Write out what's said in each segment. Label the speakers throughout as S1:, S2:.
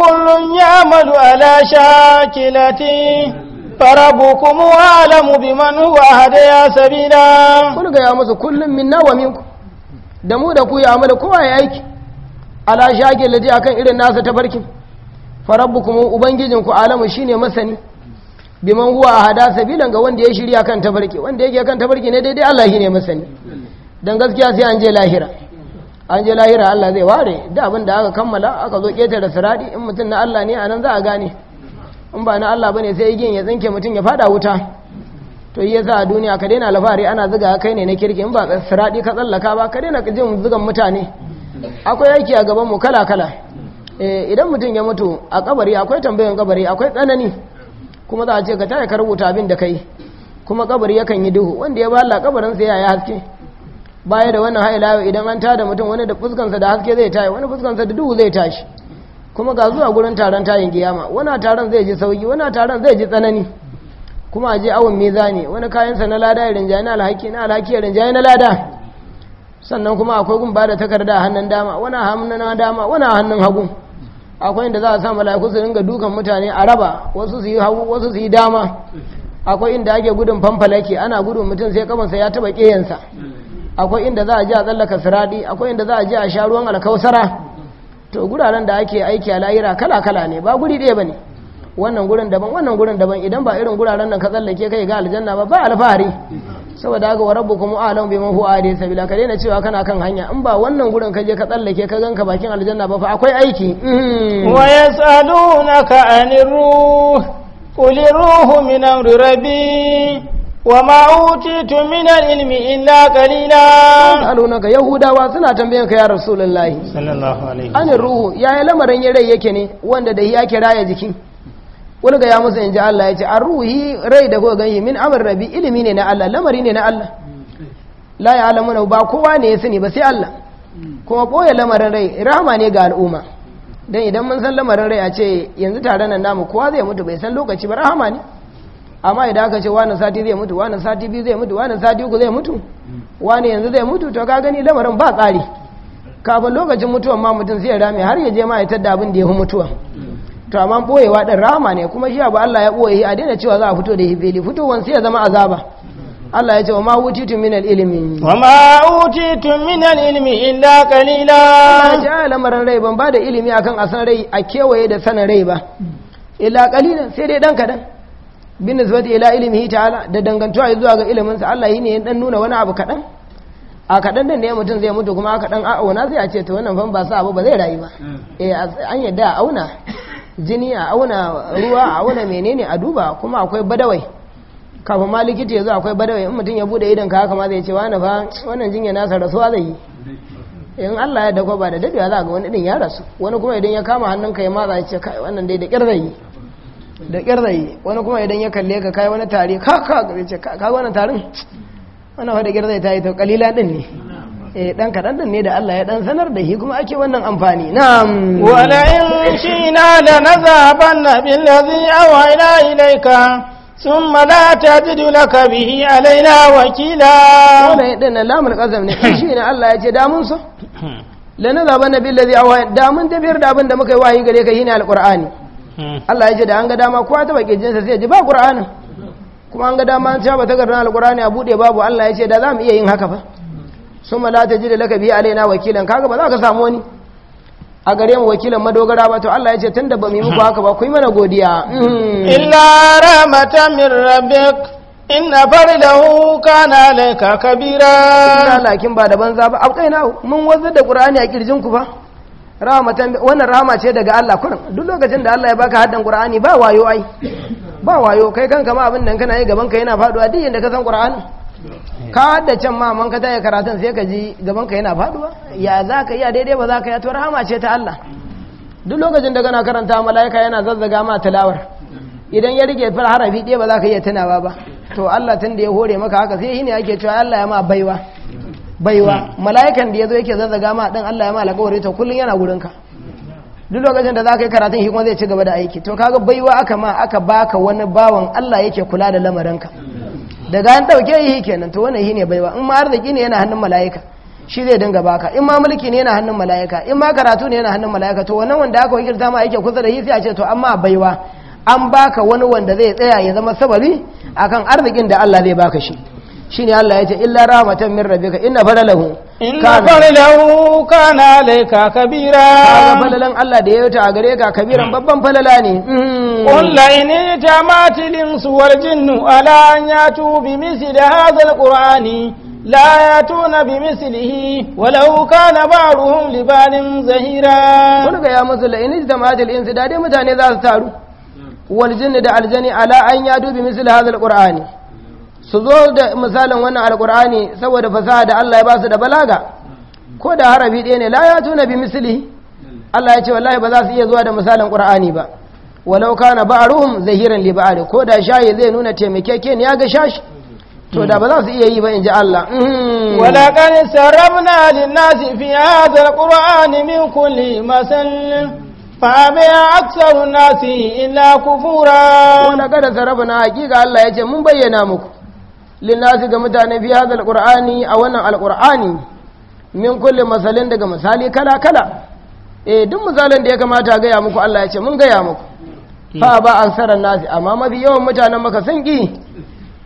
S1: كل يعمل على شاكلته فربكم أعلم بمن هو أهدى سبيلا كل da مسو كل منا ومنكم دمو دكو عمل كوا يا akan irin nasa ta إلى الناس kuma فربكم ku alamu shine masani biman huwa hada sabilan ga wanda ya shirya kan tabarki wanda yake kan tabarki ne daidai Allah shine masani dan gaskiya sai an je lahira an je lahira Allah zai ware da abin da aka kammala aka zo da siradi in mutum na Allah ne a nan za a gane in ba na Allah bane sai igiyan ya tsinke mutum ya fada wuta to yi sa a duniya ka daina alfahari ana zuga kai ne na kirki in ba siradi ka tsallaka ba ka daina jin zugan mutane akwai aiki a gaban mu kala kala eh, idan mutum ya mutu a kabari akwai tambayar kabari akwai tsanani kuma za a ce ka ta ka rubuta abin da kai kuma kabari yakan yi duhu wanda ya ba Allah kabarin sai ya yi haske baya da wannan haila idan an tada mutum wani da fuskansa da haske zai tashi wani fuskansa da duhu zai tashi kuma ga zuwa gurin taron tayin giyama wani taron zai ji sauki wani taron zai ji tsanani kuma a je awon mizani wani kayansa na lada ya rinjaye na alhaki na alhaki ya rinjaye na lada sannan kuma akwai gun bada takarda a hannun dama wani hannun dama wani hannun hagu akwai inda za a sa mala'iku su ringa dukan mutane a raba wasu su yi hagu wasu su yi dama akwai inda ake gudun fanfalake ana gudun mutum sai kamansa ya taba kiyansa akwai inda za a ji a tsallaka siradi akwai inda za a ji a sha ruwan alkausara to guraren da ake aiki a layira kala kala ne ba guri ɗaya ba ne wannan gurin daban wannan gurin daban idan ba irin guraren nan ka tsallake kai ga aljanna ba ba alfahari saboda haka wa kuma alam bi mahu ade sabila ka daina cewa kana kan hanya in ba wannan gurin ka je ka tsallake ka ganka bakin aljanna ba fa akwai aiki mm. wa yasalunaka anir ruh qul ruhu min amri rabbi وما أوتيت من العلم إلا قليلا يسألونك يهودا وسنا تنبيهك يا رسول الله صلى الله عليه وسلم أن الروح يا لمرن يري يكني وأن ده يا كرايا wani ga ya musu in ji Allah ya ce an ruhi rai da kogan yi min rabi ilimi ne na Allah lamari ne na Allah la ya alamuna ba kowa ne ya sani ba sai Allah kuma boye lamarin rai rahama ne ga al'umma don idan mun san lamarin rai a ce yanzu tare nan namu kowa zai mutu bai san lokaci ba rahama ne amma idan aka ce wani sati zai mutu wani sati biyu zai mutu wani sati uku zai mutu wani yanzu zai mutu to ka gani lamarin ba tsari kafin lokacin mutuwan ma mutum zai rame har ya je ma ya tadda abin da ya fi mutuwa to amma boyewa din rama ne kuma shi abu Allah ya boye a daina cewa za a fito da hibeli fitowan sai ya zama azaba Allah ya ce wa ma uti min al-ilmi wa ma tun min ilimi. ilmi illa qalila ya lamarin rai ban ba da ilimi akan asan rai a kewaye da sanin rai ba illa qalilan sai dai dan kadan bin nisbati ila ilmihi ta'ala da dangantuwa zuwa ga ilimin sa Allah ne dan nuna wani abu kadan a kadan dan ne mutum zai mutu kuma kadan a auna sai a ce to wannan fan ba sa abu ba zai rayu ba hmm. eh an yadda a auna jini a auna ruwa a auna menene a duba kuma akwai badawai kafin ma likita ya zo akwai badawai in mutum ya bude idan ka haka ma zai ce wani fa wannan jinya nasa rasuwa zai yi in Allah ya dako ba da dadewa za ga wani din ya rasu wani kuma idan ya kama hannunka ya matsa ya ce kai wannan dai da da kirzai wani kuma idan ya kalle ka kai wani tare ka ka ga ce ka wani tarin wani wadda kirzai ta yi ta kalila din ne eh dan kadan din ne da Allah ya dan sanar da shi kuma ake wannan amfani na wala in shina la nazabanna bil ladhi awhayna ilayka ثم لا تجد bihi alaina wakila wala وانا na لام القزم ne shi ne Allah ya ce damun sa lana zabanna bil ladhi awhayna damun tafiyar da abin da muka yi wahi gare ka ne alqur'ani Allah ya ce da an ga dama kowa ta baki jinsa sai ya ji ba Qur'anin kuma an ga dama an saba takardar alkurani a buɗe babu Allah ya ce da za mu iya yin haka fa sun ma lati ji da laka biya alaina wakilan kaga ba za ka samu wani a gare mu wakilan madogara ba to Allah ya ce tunda ba mu yi muku haka ba ku yi mana godiya hmm. illa rahmatan min rabbik inna faridahu kana alayka kabira lakin ba da banza ba abkaina mun wanzar da qur'ani a kirjin ku ba. wannan rahama ce daga Allah kurin duk lokacin da Allah ya baka haddan Qur'ani ba wayo ai ba wayo kai kanka ma abin nan kana yi gaban ka yana faduwa duk inda ka san Qur'ani ka can ma man ka taya karatun sai ka ji gaban ka yana faduwa ya za ka iya daidai ba za ka yi to rahama ce ta Allah duk lokacin da kana karanta mala'ika yana zazzaga ma tilawar idan ya rike fil harafi dai ba za ka iya tunawa ba to Allah tun da ya hore maka haka sai shine ne ake cewa Allah ya ma baiwa baiwa hmm. mala'ikan da ya zo yake zazzaga ma dan Allah ya ma alƙawari ta kullun yana wurin ka duk lokacin da za ka yi karatun kuma zai ci gaba da aiki to kaga baiwa aka ma aka baka wani bawan Allah yake kula da lamarinka daga an ɗauke yi kenan to wannan ne baiwa in ma arziki ne yana hannun mala'ika shi zai dinga baka in ma mulki ne yana hannun mala'ika in ma karatu ne yana hannun mala'ika to wannan wanda aka wakilta ma yake kusa da shi sai a ce to amma baiwa an baka wani wanda zai tsaya ya zama sabari akan arzikin da Allah zai baka shi ne Allah ya ce illa rahmatan min rabbika inna fadalahu inna fadalahu kana alayka kabira kana fadalan Allah da ya yi ta a gare ka kabiran babban falala ne hmm. qul la in jama'atil insu wal jinnu ala an yatu bi misli hadha al qur'ani bi mislihi walau kana كان li banin zahira. kun ga ya musu la in jama'at al-ins da dai mutane za su taru wal jinnu da aljani ala an yadu bi misli hadha alqur'ani su zo da misalin wannan alkur'ani saboda fasaha da Allah ya ba su da balaga ko da harabi ɗaya ne la ya tuna bi misali Allah ya ce wallahi ba za su iya zuwa da misalin qur'ani ba walau kana ba'ruhum zahiran li ba'ri ko da shayi zai nuna ne ya ga shashi to da ba za su iya yi ba in ji Allah mm-hmm. wala qad sarabna lin-nasi fi hadha al-qur'ani min kulli masal فأبي أكثر الناس إلا كفورا ولقد Allah ya ce mun bayyana muku. linnasi ga mutane fi hadal qur'ani a wannan alqur'ani min kulli masalin daga misali kala kala eh duk misalin da ya kamata gaya muku Allah ya ce mun gaya muku fa ba an sara nasi amma mafi yawan mutanen maka sun ki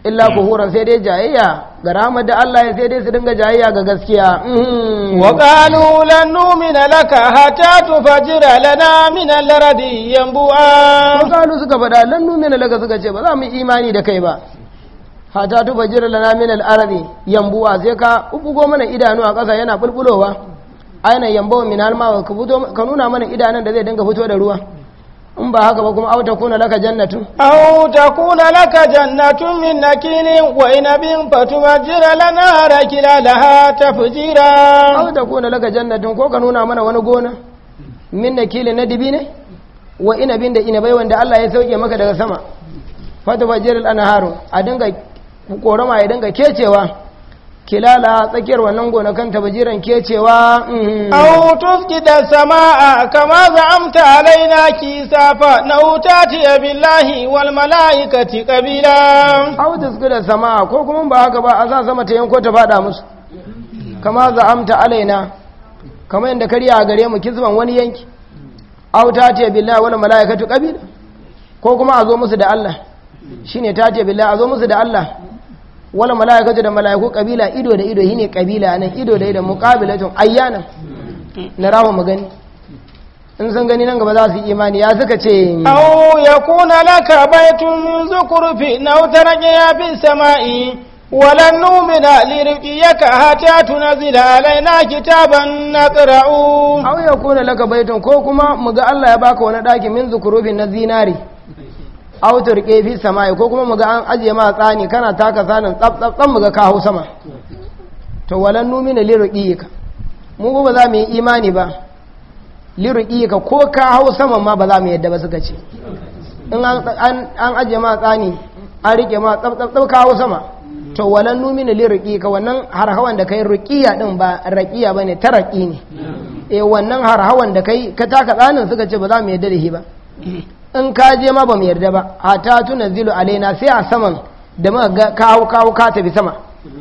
S1: illa kuhuran sai dai jayayya ga rahmar da Allah ya sai dai su dinga jayayya ga gaskiya wa qalu lan nu'mina laka hatta tufajira lana min al-ardi yanbu'a wa qalu suka fada lan nu'mina laka suka ce ba za mu imani da kai ba hata tuba bajira lana min al'arabi yambuwa zai ka goma mana idanu a ƙasa yana bulbulowa aina yambawa min halma ka nuna mana idanun da zai dinga fito da ruwa in ba haka ba kuma auta takuna laka jannatu Auta takuna laka jannatu min nakilin wa inabin fatubajira lana rakila laha tafjira Auta takuna laka jannatu ko ka nuna mana wani gona min nakilin na dibi ne wa inabin da inabai wanda Allah ya sauke maka daga sama fatubajira lana haru a dinga korama ya danga kecewa kilala tsakiyar wannan gonakan tabajiran ke cewa mm. au da sama'a kama za'amta alaina ki safa na utati billahi wal malaikati qabila au da sama'a ko kuma ba haka ba a sa sama ta yanko ta fada musu kama za'amta alaina kama yadda kariya a gare mu kizban wani yanki ta tati billahi wal malaikati kabila ko kuma a zo musu da Allah shine tati billahi a zo musu da Allah wala malaika da malaiku kabila ido da ido shine kabila nan ido da ido muqabilatun ayyana na rawo magani in san gani nan gaba za su imani ya suka ce au yakuna laka baytun zukurfi naw taraka ya fi sama'i walan numina lirqiyaka hatta tunzila alaina kitaban naqra'u au yakuna laka baytun ko kuma muga Allah ya baka wani daki min zukurfi na zinari autar kefi sama'i ko kuma muga an ajiye ma tsani kana taka tsanin tsabtsabtsan muga kawo sama to walan numina ka mu ko ba za mu yi imani ba liruqiyika ko ka hau sama ma ba za mu yadda ba suka ce in an ajiye ma tsani an rike ma tsabtsabtsab kawo sama to walan numina ka wannan harhawan da kai ruqiya din ba rakiya bane taraqi ne eh wannan harhawan da kai ka taka tsanin suka ce ba za mu yadda da shi ba in ka je ma ba mu yarda ba tuna zilu alaina sai a saman da muka ga kawo kawo ka tafi sama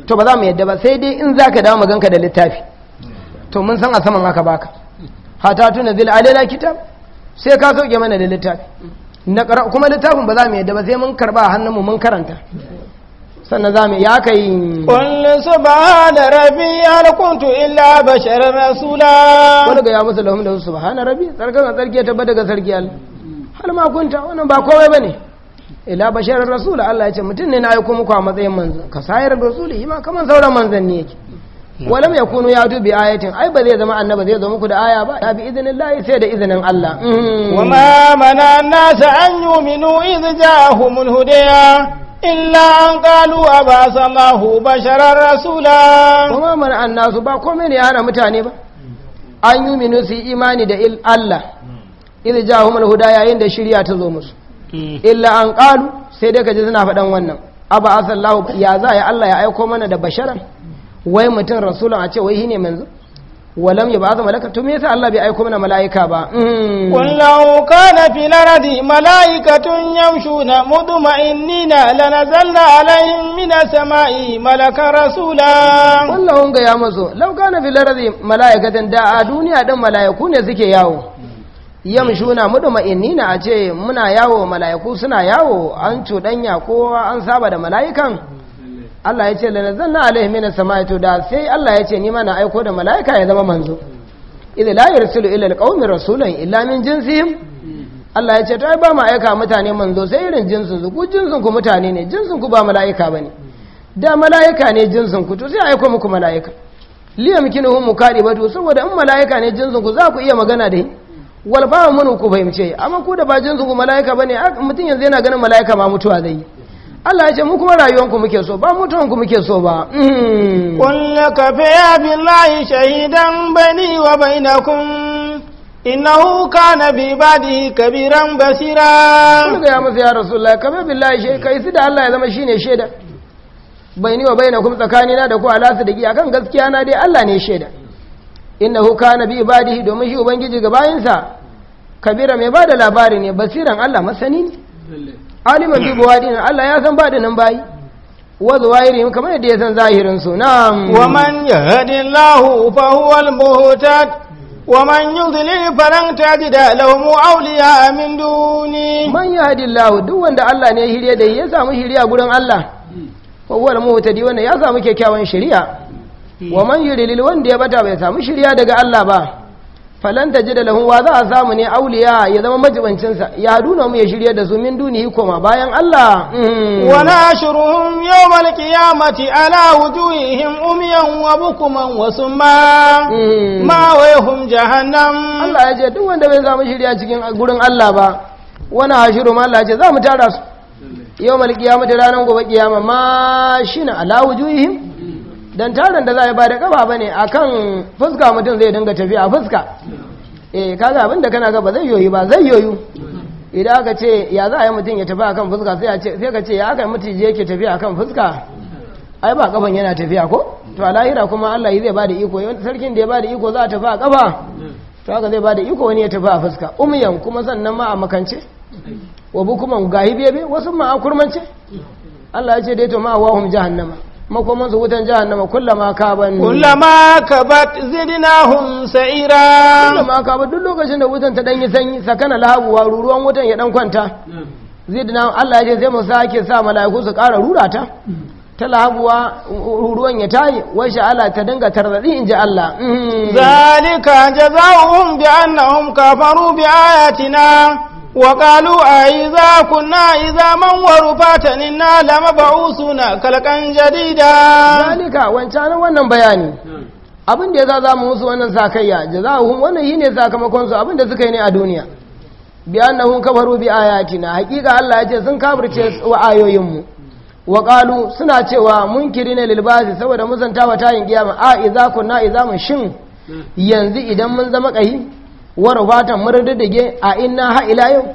S1: to ba za mu yarda ba sai dai in zaka dawo maganka da littafi to mun san a saman haka baka tuna zilu alaina kitab sai ka sauke mana da littafi na kuma littafin ba za mu yarda ba sai mun karba hannun mu mun karanta sannan za mu ya kai kullum su ba da rabi illa bashar rasula wani ga ya musu lahum da su ba hana rabi tsarkar tsarki ya tabbata ga sarki allah wani makunta wannan ba kowai ba ne ila basharar rasula Allah ya ce mutum ne na yi kuma a matsayin manzan ka sayar rasuli ma kaman sauran ne yake walam ya kunu ya dubi ayatin ai ba zai zama annaba zai zama muku da aya ba ya bi izinin layi sai da izinin Allah mm. wa ma mana nasa an yu'minu idh ja'ahumul huda illa an qalu abasallahu basharar rasula kuma mana annasu ba komai ne ya hana mutane ba an yi yu'minu su imani da Allah idan ja humar huda yayin da shirya ta zo musu illa an ƙalu sai dai ka je suna faɗan wannan Aba a sallahu ya za ya allah ya aiko mana da basharar wai mutum rasulun a ce wai shi ne manzo walam ya ba malaka to me yasa allah bai aiko mana mala'ika ba kullahu kana fi laradi malaikatun yamshu na muduma innina lanazalna alaihim min sama'i malaka rasula wallahu ga ya mazo lau kana fi laradi malaikatan da a duniya dan malaiku ne suke yawo yamshuna mudma'innina a ce muna yawo mala'iku suna yawo an cuɗanya kowa an saba da mala'ikan Allah ya ce lanazanna alaihi min samai to da sai Allah ya ce ni mana aiko da mala'ika ya zama manzo idza la yursilu ila al-qaumi rasulan illa min jinsihim Allah ya ce to ai ba mu aika mutane manzo sai irin jinsin su ku jinsin ku mutane ne jinsin ku ba mala'ika bane da mala'ika ne jinsin ku to sai aiko muku mala'ika liyamkinuhum mukaribatu saboda in mala'ika ne jinsin ku za ku iya magana da shi wal ba mun ku fahimce amma ku da bajin su malaika bane mutum yanzu yana ganin malaika ma mutuwa zai Allah ya ce mu kuma rayuwanku muke so ba mutuwanku muke so ba kullu hmm. kafiya billahi shahidan bani wa bainakum innahu kana bi badi kabiran basira kullu ya musu ya rasulullah kabe billahi shay kai su da Allah ya zama shine shaida bani wa bainakum tsakanina da ku alasu da giya kan gaskiya na dai Allah ne shaida innahu kana bi ibadihi domin shi ubangiji ga bayinsa kabira mai bada labari ne basiran Allah masani ne aliman bi na Allah ya san ba da nan bayi wa zawahirihim kamar yadda ya san zahirin su na wa man allah fa al muhtad ومن يضلل فلن tajida لهم أولياء min duni man yahdi allah duk wanda Allah ne hiriya da ya samu hirya gurin Allah wa huwa al-muhtadi wanda ya samu kyakkyawan shari'a wa man yurilil wanda ya bata bai samu shirya daga Allah ba falan ta lahu da wa za a samu ne auliya ya zama sa ya duna mu ya shirya da su min duniyi koma bayan Allah hmm. wa nashruhum yawmal qiyamati ala wujuhihim umyan wa bukuman wa summa hmm. ma wayhum jahannam Allah ya ce duk wanda bai samu shirya cikin gurin Allah ba wani hashiru ma Allah ya ce za mu tara su yawmal qiyamati ranar gobe kiyama ma shina ala wujuhihim dan tarin da za a ba da kafa ba ne a kan fuska mutum zai dinga tafiya a fuska e kaga abinda kana ga ba zai yoyi ba zai yoyu idan aka ce ya za a yi mutum ya tafi a kan fuska sai ka ce ya aka mutum ke tafiya a kan fuska ai ba kafan yana tafiya ko to a lahira kuma allah zai ba da iko sarkin da ya ba da iko za a tafi a kafa to haka zai ba da iko wani ya tafi a fuska umiyan kuma sannan ma a makance wa bukuman gahi bebe wasu ma a kurmance allah ya ce dai to ma wahum jahannama makomansu wutan jahannama kullama kaban kullama kabat zidnahum sa'ira kullama kabat duk lokacin da wutan ta danyi sanyi sakana lahabuwa ruruwan wutan ya dan kwanta zidina Allah ya ce sai mu sake sa mala'iku su ƙara rura ta ta lahabuwa ruruwan ya tayi wai sha'ala ta dinga tarzadi in ji Allah mm. zalika jazaohum bi annahum kafaru bi ayatina وقالوا أئذا كنا إذا من ورفاتا إنا لمبعوثون خلقا جديدا ذلك كان وانا بياني abin da ya za mu musu wannan zakayya jazahu wannan ne sakamakon su abin da suka yi ne a duniya bi annahum kabaru bi ayatina hakika Allah ya ce sun kafirce wa ayoyin mu wa qalu suna cewa mun ne lil basi saboda wa tayin kiyama a idza kunna idza mun shin yanzu idan mun zama kai wa rufatan murdidige a inna ha ila yau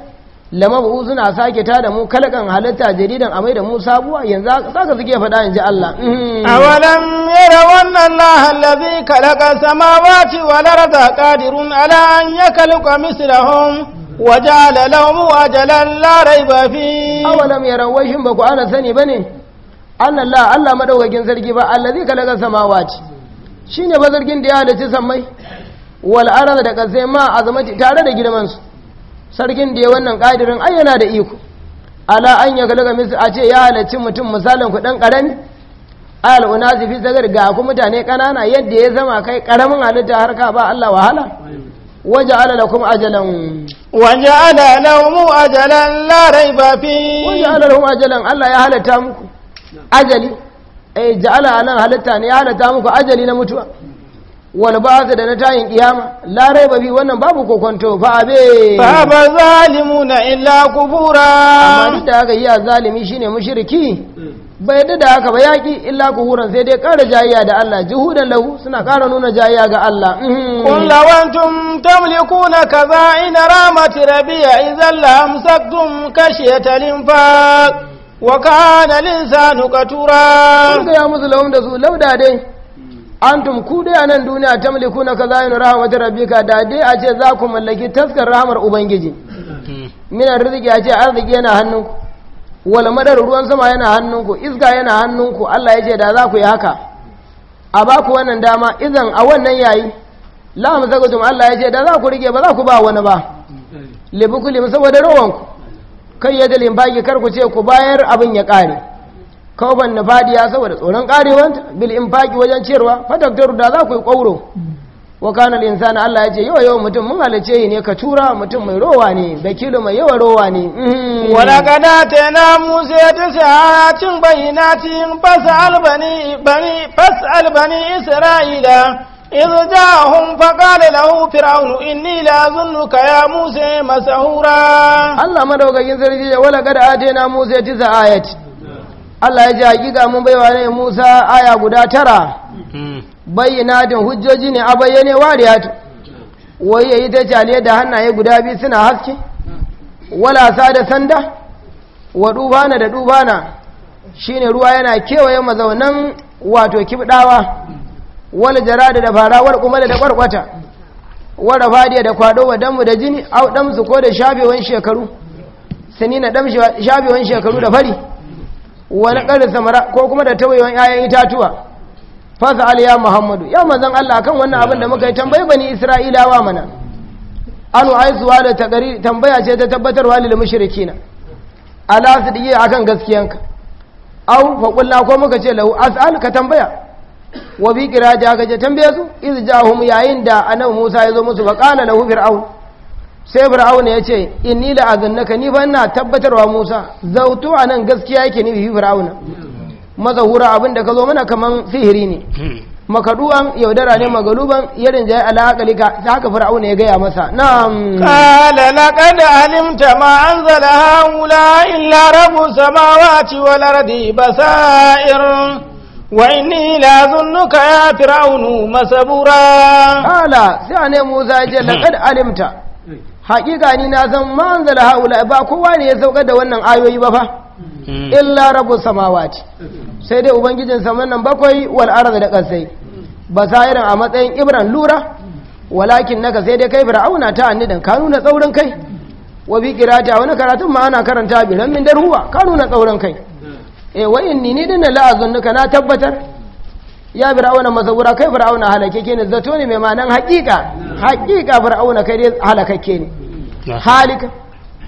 S1: lamabu suna sake ta da mu kalakan halitta jaridan amai da mu sabuwa yanzu saka suke faɗa yanzu Allah hmm. awalam yara wannan Allah allazi kalaka samawati wal arda qadirun ala an yakhluqa mislahum wa ja'ala lahum ajalan la rayba fi awalam yara washin ba ku ana sani bane anna Allah Allah madaukakin sarki ba allazi kalaka samawati shine ba da ya dace sammai wal'arar da kasai ma a zamanci tare da girmansu sarkin da ya wannan ƙadirin ai yana da iko ala an ya kalaga misu a ce ya halarci mutum misalin kuɗin ƙarami al'una su fi zagar ga ku mutane ƙanana yadda ya zama kai ƙaramin halitta har ka ba allah wahala waje ala da kuma ajalan waje ala da ajalan larai ba fi waje ala da ajalan allah ya halatta muku ajali eh ja'ala nan halitta ne ya halatta muku ajali na mutuwa wal ba'ath da na tayin kiyama la raiba bi wannan babu kokonto fa abe fa ba zalimuna illa kufura amma duk da aka yi a zalimi shine mushriki bai yadda da haka ba yaki illa kuhuran sai dai ƙara jayayya da Allah juhudan lahu suna ƙara nuna jayayya ga Allah kun mhm. lawantum tamlikuna kaza ina ramati rabiya idan la amsaktum kashiyata linfaq wa kana linsanu katura kun ga ya musu lahum da su lauda dai antum ku dai a nan duniya kaza ka zayin rahmatar rabbika da dai a ce za ku mallaki taskar rahmar ubangiji mina riziki a ce arziki yana hannunku wal madar ruwan sama yana hannunku iska yana hannunku Allah ya ce da za ku yi haka a ba ku wannan dama idan a wannan yayi la musakatum Allah ya ce da za ku rike ba za ku ba wani ba libukulim saboda rawanku kai ya dalin baki kar ku ce ku bayar abin ya kare kauban na fadiya saboda tsoron karewar bil infaki wajen ciyarwa fataktaru da za ku yi ƙwauro wa kanal Allah ya ce yau yau mutum mun halice ne ka tura mutum mai rowa ne da kilo mai yawa rowa ne mm. wala kada ta na musa ta sa'atin bayinatin fasa albani bani fasa albani isra'ila ni جاءهم فقال له ya إني Allah يا موسى مسحورا الله ya دوغا ينزل ولا قد musa ya تسع آيات Allah ya ji hakika mun baiwa ne Musa aya guda tara hmm. bayyana din hujjoji ne a bayyane ta wai yayi ta cale da hannaye guda biyu suna haske wala sa da sanda wa dubana da dubana shine ruwa yana kewaye mazaunan wato kibdawa wal jarada da fara kuma da kwarkwata wara fadiya da kwado wa damu da jini au damsu ko da shafewan shekaru sanina dam shafewan shekaru da fari wani ƙarin samara ko kuma da tawayewan 'ya'yan itatuwa fasa ya muhammadu yau mazan allah kan wannan abin da muka yi tambayi bani isra'ilawa mana Anu haisuwa da tambaya ce ta tabbatar tabbatarwa lil mushrikina ala su a akan gaskiyanka au fa ko muka ce lahu as'al ka tambaya wa bi qiraja ka je tambaye su iz jahum yayin da annabi Musa ya zo musu fa lahu fir'aun sai fir'auna ya ce inni la azannaka ni fa ina tabbatarwa Musa zautu nan gaskiya yake ni bi fir'auna mazahura abin da ka zo mana kamar sihiri ne makaduwan yaudara ne magaluban yarin jaye alaƙalika ta haka fir'auna ya gaya masa na qala laqad alimta ma anzala haula illa rabu samawati wal ardi basair wa inni la zunnuka ya fir'aunu masabura Kala, sai ne Musa ya ce alimta haƙiƙa ni na zan manzala haula ba kowa ne ya sauka da wannan ayoyi ba fa hmm. illa rabu samawati sai dai ubangijin saman nan bakwai wal arda da kasai irin a matsayin ibran lura walakin naka sai dai kai fir'auna ta annida ka nuna tsaurin kai wa bi wani karatun ma ana karanta bi ran min darhuwa ka nuna tsaurin kai hmm. eh wa inni ni dinna la'azunnuka na tabbatar ya fir'auna masabura kai fir'auna halakake ne zato ne mai ma'anan hakika hakika fir'auna kai dai halakakke ne halika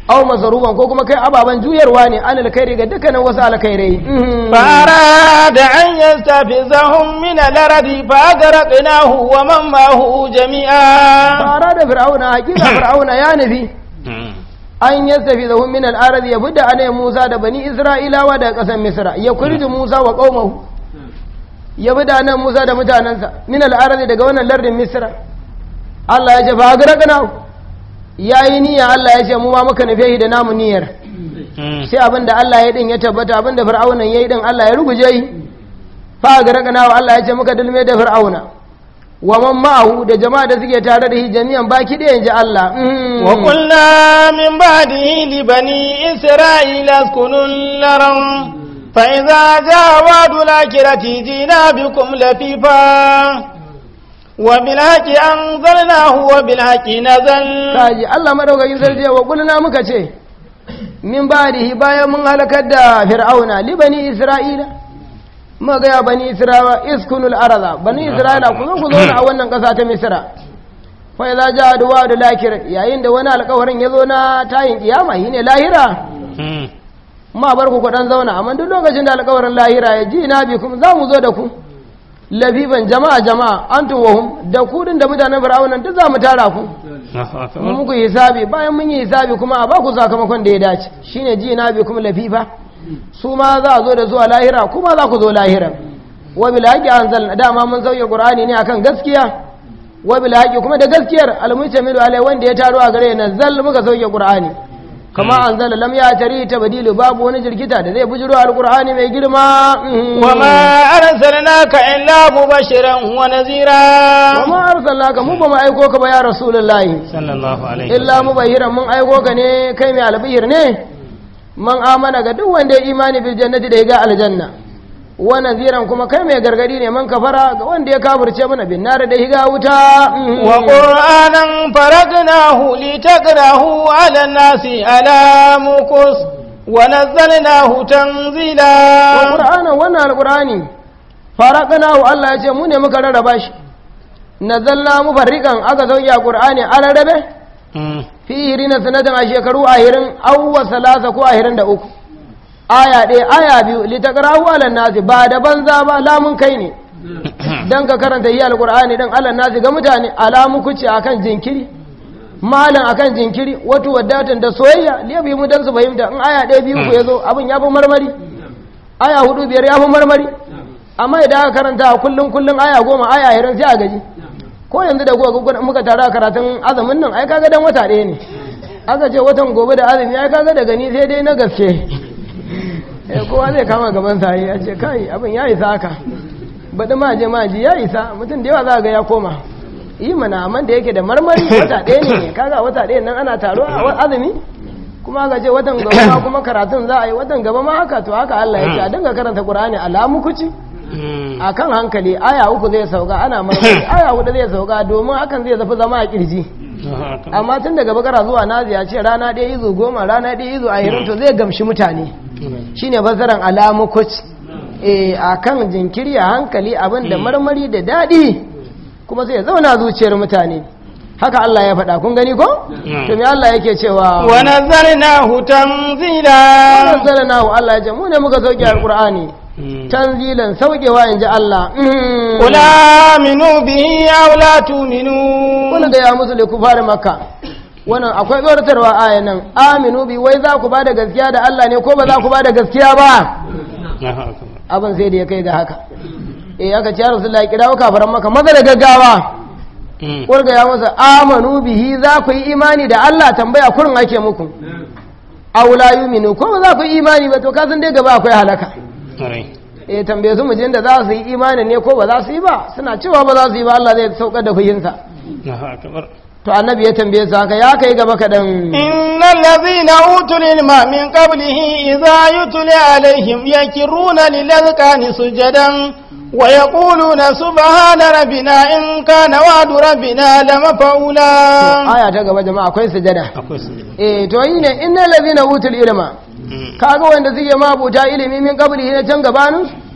S1: aw mazaruban ko kuma kai ababan juyarwa ne an alkhairi ga dukkanin wasu alkhairai mm. fara da an yastafizahum min al-ardi fa agraqnahu wa man ma'ahu jami'a fara da fir'auna hakika fir'auna ya nafi mm. an yastafizahum min ya ardi da anay Musa da bani Isra'ilawa da kasar Misra ya kurji Musa wa qaumahu ya bi da nan musa da mutanensa min al'arazi daga wannan lardin Misira. allah ya ce ba garaƙana ya yi niyya allah ya ce mu ma muka nufe da namu niyyar hmm. sai abin da allah ya din ya tabbata abin da fir'aunan ya yi din allah ya ruguje yi fa garaƙana allah ya ce muka dulme da fir'auna wa man ma'ahu da jama'a da suke tare da shi jami'an baki da yanzu Allah hmm. wa qulna min ba'dihi li bani isra'ila kunul laram فإذا جاء وعد الآخرة جينا بكم لفيفا وبالحق أنزلناه وبالحق نزل كاجي الله ما دوغا ينزل وقلنا مكتي min barihi bayan mun halakar da fir'auna li bani isra'ila ma gaya bani isra'ila iskunul arza bani isra'ila ku zo a wannan ƙasa ta misra fa idza jaa yayin da wani alƙawarin ya zo na tayin kiyama shine lahira hmm. ma bar ku kudan zauna amma duk lokacin da alkawarin lahira ya ji na bi kuma za mu zo da ku labiban jama'a jama'a an tuwahum da kudin da mutanen firaunan duk za mu tara ku mun muku hisabi bayan mun yi hisabi kuma a baku sakamakon da ya dace shine ji na bi kuma lafifa su ma za a zo da zuwa lahira kuma za ku zo lahira wa bil haqi da dama mun sauke qur'ani ne akan gaskiya wa bil kuma da gaskiyar al-mujtamidu alai wanda ya taro a gare na zal muka sauke qur'ani kama hmm. an zala lam ya tari ta badilu babu wani jirgita da zai bujiro alkur'ani mai girma hmm. wa ma arsalnaka illa mubashiran wa nazira wa ma ka mu ba mu aiko ka ba ya rasulullahi illa mu illa mubahiran mun aiko ka ne kai mai albihir ne man amana ga duk wanda ya imani bil jannati da ya ga aljanna Wannan ziran kuma kai mai gargadi ne man kafara ga wanda ya kafirce mana bin nar da higa wuta wa qur'anan faragnahu litakrahu ala nasi ala mukus wa nazzalnahu tanzila wa qur'anan wannan alqur'ani faragnahu Allah ya ce mu ne muka rarraba shi nazzalna mufarriqan aka sauya qur'ani ala rabe hmm. fi irina sanatan a shekaru ahirin awwa salasa ko ahirin da uku aya ɗaya aya biyu litaqra'u 'alan nasi ba da banza ba lamun kai ne dan ka karanta yi alqur'ani dan 'alan nasi ga mutane alamu kuce akan jinkiri malan akan jinkiri wato wadatan da soyayya liyabi mu dan su fahimta in aya ɗaya biyu ku yazo abin ya fi marmari aya hudu biyar ya fi marmari amma idan aka karanta kullum kullum aya goma aya hirin sai a gaji ko yanzu da kuka muka tara karatun azumin nan ai kaga dan wata ɗaya ne aka ce watan gobe da azumi ai kaga daga ni sai dai na gaske Eh, kowa zai kama gaban sa ya ce kai abin ya isa haka baɗi maje maji ya isa mutum da yawa za ga ya koma yi mana amma da yake da marmari wata ɗaya ne kaga wata ɗaya nan ana taro a azumi kuma ga ce watan gaba ma kuma karatun za a yi watan gaba ma haka to haka Allah ya ce a hmm. dinga karanta Qur'ani alamu kuci hmm. a kan hankali aya uku zai sauka ana marmari aya huɗu zai sauka domin hakan zai zafi zama a kirji ah, amma tun daga bakara zuwa naziya ce rana ɗaya izo goma rana ɗaya izo a to zai gamshi mutane Shi ne bazaran alamu eh, a kan jinkiri a hankali abinda hmm. marmari da daɗi kuma zai zauna zuciyar mutane haka Allah ya faɗa kun gani ko? Hmm. to me Allah yake cewa wa nazzalnahu tanzila na hu Allah ya ce mu ne muka sauke alqur'ani hmm. tanzilan sauƙewa in ji Allah kula minu biyu ya wula tuminu Wani da ya musu ku fara maka. wannan akwai tsoratarwa ayan nan aminu bi wai za ku ba da gaskiya da Allah ne ko ba za ku ba da gaskiya ba abin sai da ya kai ga haka E, aka ce rasulullahi kirawo faran maka maza da gaggawa hmm. kurga ya masa amanu bihi za ku yi imani da Allah tambaya kurin ake muku aw la yu'minu ko ba za ku yi imani ba to ka san dai gaba akwai halaka E, tambaye su mujin da za su yi imani ne ko ba za su yi ba suna cewa ba za su yi ba Allah zai saukar da kuyinsa to annabi ya tambaye su haka ya kai gaba kaɗan innal ladhina utul ilma min qablihi idza yutla alaihim yakiruna lil sujadan wa yaquluna subhana rabbina in kana wa'du rabbina lamafaula aya ta gaba jama'a akwai sujada eh to yine innal ladhina utul ilma mm. kaga wanda zai suke mabuta ilimi min qablihi na can gabanin